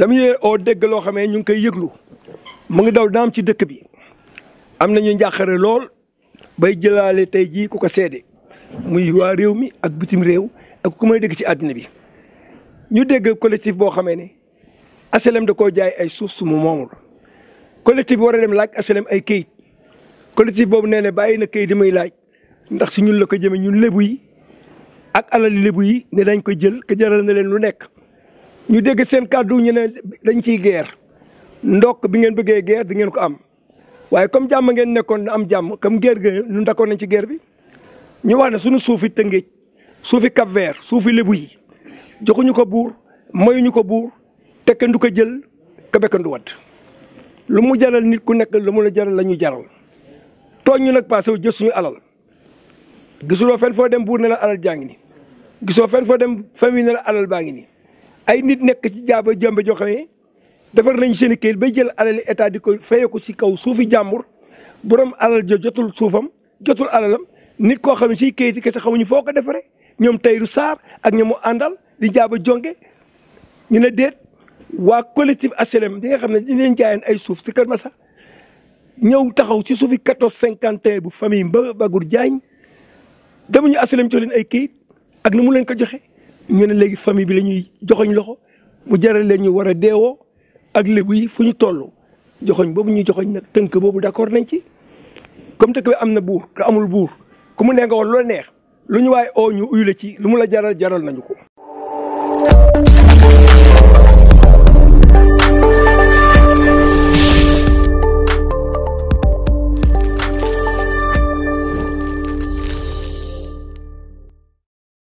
dama ñu dégg loo xamee ñu ngi koy yëglu mu ngi daw daam ci dëkk bi am nañu njàqare lool bay jëlaale tey jii ko ko seede muy waa réew mi ak bitim réew ak ku may dégg ci àddina bi ñu dégg collectif boo xamee ne HLM da koo jaay ay suuf su mu moomul collectif war a dem laaj HLM ay këyit collectif boobu nee ne bàyyi na këyit di muy laaj ndax si ñun la ko jëmee ñun lébu yi ak alal lébu yi ne dañ koy jël ke jaral na leen lu nekk ñu dégg seen kàddu ñu ne dañ ciy guerre ndokk bi ngeen bëggee guerre di ngeen ko am waaye comme jàmm ngeen nekkoon am jàmm comme guerre ga ñun dakkoon nañ ci geer bi ñu wax ne suñu suufi Tëngéej suufi Cap Vert suufi Lébu yi joxuñu ko buur mayuñu ko buur te kenn du ko jël kebe kenn du wat lu mu jaral nit ku nekk lu mu la jaral la ñuy jaral tooñ ñu nag passé jël suñu alal gisuloo fenn foo dem buur ne la alal jaa ngi ni gisoo fenn foo dem famille ne la baa ngi nii ay nit nek ci jaba jàmbe jo xamee defal nañ seen keel bay jël alal état diko fayé ko ci kaw soufi jàmbur borom alal jo jotul soufam jotul alalam nit ko xam ci keet këyit sa xamuñu foko defare ñom ñoom Tayru sar ak ñamu àndal di jaba jonge ñu ne déet wa collectif HLM di nga xam di dañ leen jaayeen ay souf ci kermassa ñëw taxaw ci soufi 1451 bu famille ba bagur jaagne demuñu HLM jox leen ay keet ak nu mu leen ko joxe ñu ne léegi famille bi la ñuy joxoñ loxo mu jaral leen ñu war a deewoo ak lébu yi fu ñu toll joxoñ boobu ñuy joxoñ nag tënk boobu d'accord nañ ci. comme dëkk bi am na buur te amul buur ku mu nee nga war lu la neex lu ñu waaye oo ñu uyu ci lu mu la jaral jaral nañu ko.